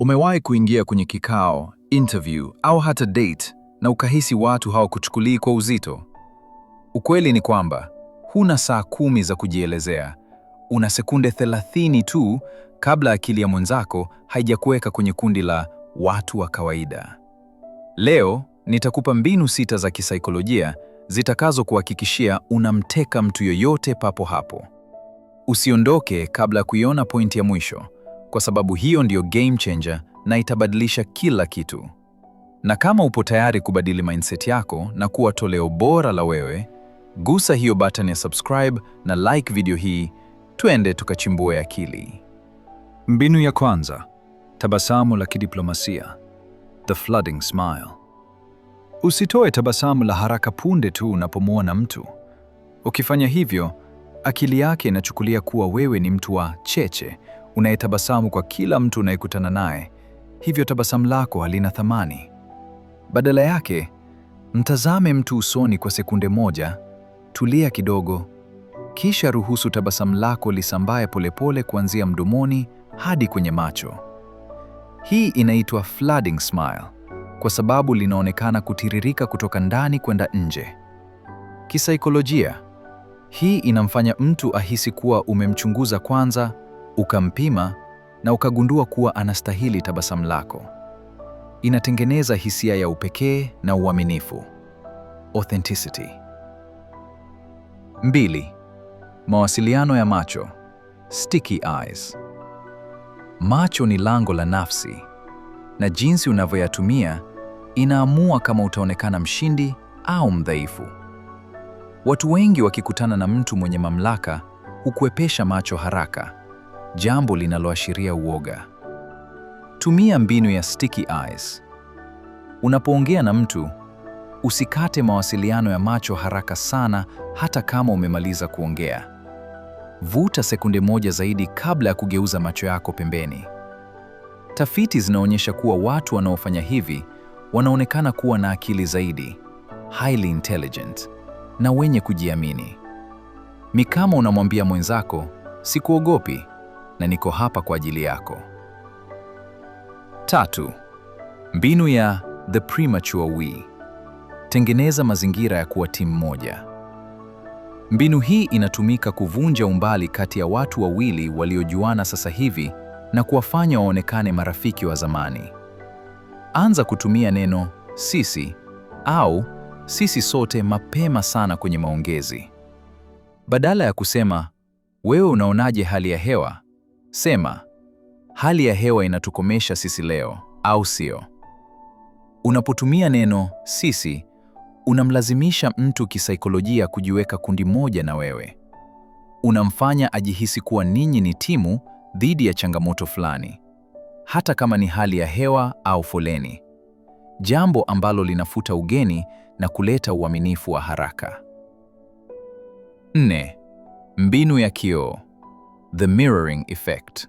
Umewahi kuingia kwenye kikao, interview au hata date na ukahisi watu hawakuchukulii kwa uzito? Ukweli ni kwamba huna saa kumi za kujielezea. Una sekunde 30 tu kabla akili ya mwenzako haijakuweka kwenye kundi la watu wa kawaida. Leo nitakupa mbinu sita za kisaikolojia zitakazo kuhakikishia unamteka mtu yoyote papo hapo. Usiondoke kabla ya kuiona pointi ya mwisho kwa sababu hiyo ndiyo game changer na itabadilisha kila kitu. Na kama upo tayari kubadili mindset yako na kuwa toleo bora la wewe, gusa hiyo button ya subscribe na like video hii, twende tukachimbue akili. Mbinu ya kwanza, tabasamu la kidiplomasia, the flooding smile. Usitoe tabasamu la haraka punde tu unapomwona mtu. Ukifanya hivyo, akili yake inachukulia kuwa wewe ni mtu wa cheche unayetabasamu kwa kila mtu unayekutana naye, hivyo tabasamu lako halina thamani. Badala yake, mtazame mtu usoni kwa sekunde moja, tulia kidogo, kisha ruhusu tabasamu lako lisambae polepole kuanzia mdomoni hadi kwenye macho. Hii inaitwa flooding smile kwa sababu linaonekana kutiririka kutoka ndani kwenda nje. Kisaikolojia, hii inamfanya mtu ahisi kuwa umemchunguza kwanza ukampima na ukagundua kuwa anastahili tabasamu lako. Inatengeneza hisia ya upekee na uaminifu, authenticity. Mbili, mawasiliano ya macho, sticky eyes. Macho ni lango la nafsi na jinsi unavyoyatumia inaamua kama utaonekana mshindi au mdhaifu. Watu wengi wakikutana na mtu mwenye mamlaka hukuepesha macho haraka jambo linaloashiria uoga. Tumia mbinu ya sticky eyes. Unapoongea na mtu, usikate mawasiliano ya macho haraka sana hata kama umemaliza kuongea. Vuta sekunde moja zaidi kabla ya kugeuza macho yako pembeni. Tafiti zinaonyesha kuwa watu wanaofanya hivi wanaonekana kuwa na akili zaidi, highly intelligent, na wenye kujiamini. Ni kama unamwambia mwenzako, sikuogopi, na niko hapa kwa ajili yako. Tatu, mbinu ya the premature we. Tengeneza mazingira ya kuwa timu moja. Mbinu hii inatumika kuvunja umbali kati ya watu wawili waliojuana sasa hivi na kuwafanya waonekane marafiki wa zamani. Anza kutumia neno sisi au sisi sote mapema sana kwenye maongezi. Badala ya kusema wewe unaonaje hali ya hewa, Sema, hali ya hewa inatukomesha sisi leo, au sio? Unapotumia neno sisi, unamlazimisha mtu kisaikolojia kujiweka kundi moja na wewe. Unamfanya ajihisi kuwa ninyi ni timu dhidi ya changamoto fulani, hata kama ni hali ya hewa au foleni, jambo ambalo linafuta ugeni na kuleta uaminifu wa haraka. Nne, mbinu ya kioo the mirroring effect.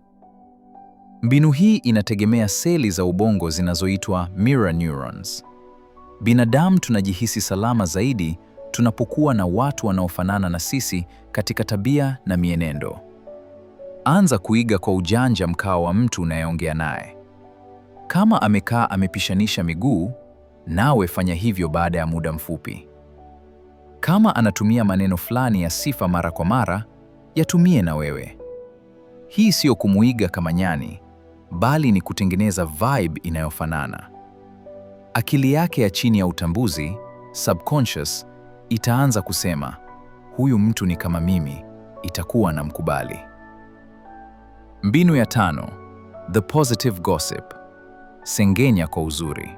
Mbinu hii inategemea seli za ubongo zinazoitwa mirror neurons. Binadamu tunajihisi salama zaidi tunapokuwa na watu wanaofanana na sisi katika tabia na mienendo. Anza kuiga kwa ujanja mkao wa mtu unayeongea naye. Kama amekaa amepishanisha miguu, nawe fanya hivyo baada ya muda mfupi. Kama anatumia maneno fulani ya sifa mara kwa mara, yatumie na wewe. Hii siyo kumuiga kama nyani, bali ni kutengeneza vibe inayofanana. Akili yake ya chini ya utambuzi, subconscious, itaanza kusema, huyu mtu ni kama mimi, itakuwa na mkubali. Mbinu ya tano, the positive gossip, sengenya kwa uzuri.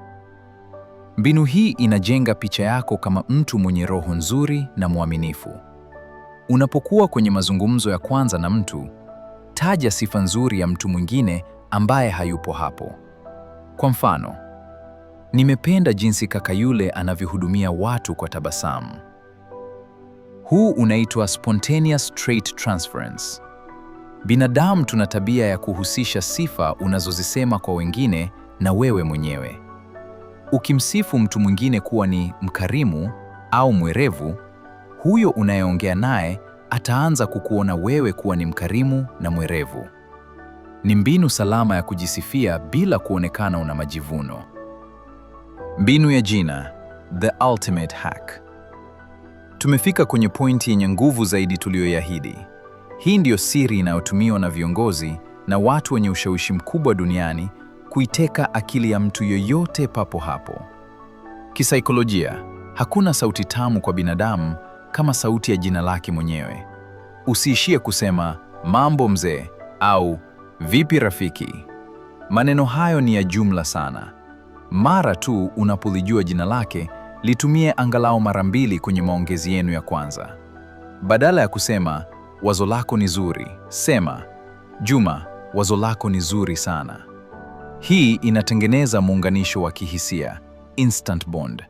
Mbinu hii inajenga picha yako kama mtu mwenye roho nzuri na mwaminifu. Unapokuwa kwenye mazungumzo ya kwanza na mtu, taja sifa nzuri ya mtu mwingine ambaye hayupo hapo. Kwa mfano, nimependa jinsi kaka yule anavyohudumia watu kwa tabasamu. Huu unaitwa spontaneous trait transference. Binadamu tuna tabia ya kuhusisha sifa unazozisema kwa wengine na wewe mwenyewe. Ukimsifu mtu mwingine kuwa ni mkarimu au mwerevu, huyo unayeongea naye ataanza kukuona wewe kuwa ni mkarimu na mwerevu. Ni mbinu salama ya kujisifia bila kuonekana una majivuno. Mbinu ya jina, the ultimate hack. Tumefika kwenye pointi yenye nguvu zaidi tuliyoiahidi. Hii ndiyo siri inayotumiwa na viongozi na watu wenye ushawishi mkubwa duniani kuiteka akili ya mtu yoyote papo hapo. Kisaikolojia, hakuna sauti tamu kwa binadamu kama sauti ya jina lake mwenyewe. Usiishie kusema mambo mzee au vipi rafiki. Maneno hayo ni ya jumla sana. Mara tu unapolijua jina lake, litumie angalau mara mbili kwenye maongezi yenu ya kwanza. Badala ya kusema wazo lako ni zuri, sema Juma, wazo lako ni zuri sana. Hii inatengeneza muunganisho wa kihisia, instant bond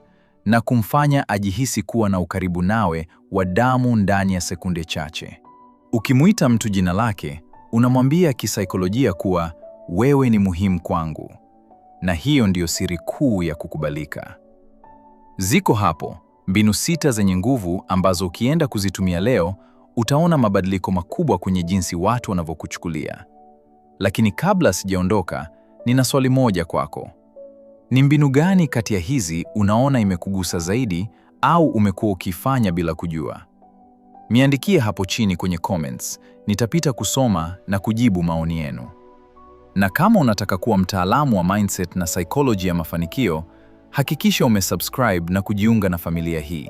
na kumfanya ajihisi kuwa na ukaribu nawe wa damu ndani ya sekunde chache. Ukimuita mtu jina lake, unamwambia kisaikolojia kuwa wewe ni muhimu kwangu, na hiyo ndiyo siri kuu ya kukubalika. Ziko hapo mbinu sita zenye nguvu ambazo ukienda kuzitumia leo utaona mabadiliko makubwa kwenye jinsi watu wanavyokuchukulia. Lakini kabla sijaondoka, nina swali moja kwako. Ni mbinu gani kati ya hizi unaona imekugusa zaidi au umekuwa ukifanya bila kujua? miandikie hapo chini kwenye comments. Nitapita kusoma na kujibu maoni yenu. Na kama unataka kuwa mtaalamu wa mindset na psychology ya mafanikio, hakikisha umesubscribe na kujiunga na familia hii.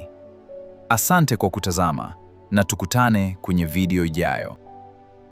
Asante kwa kutazama na tukutane kwenye video ijayo.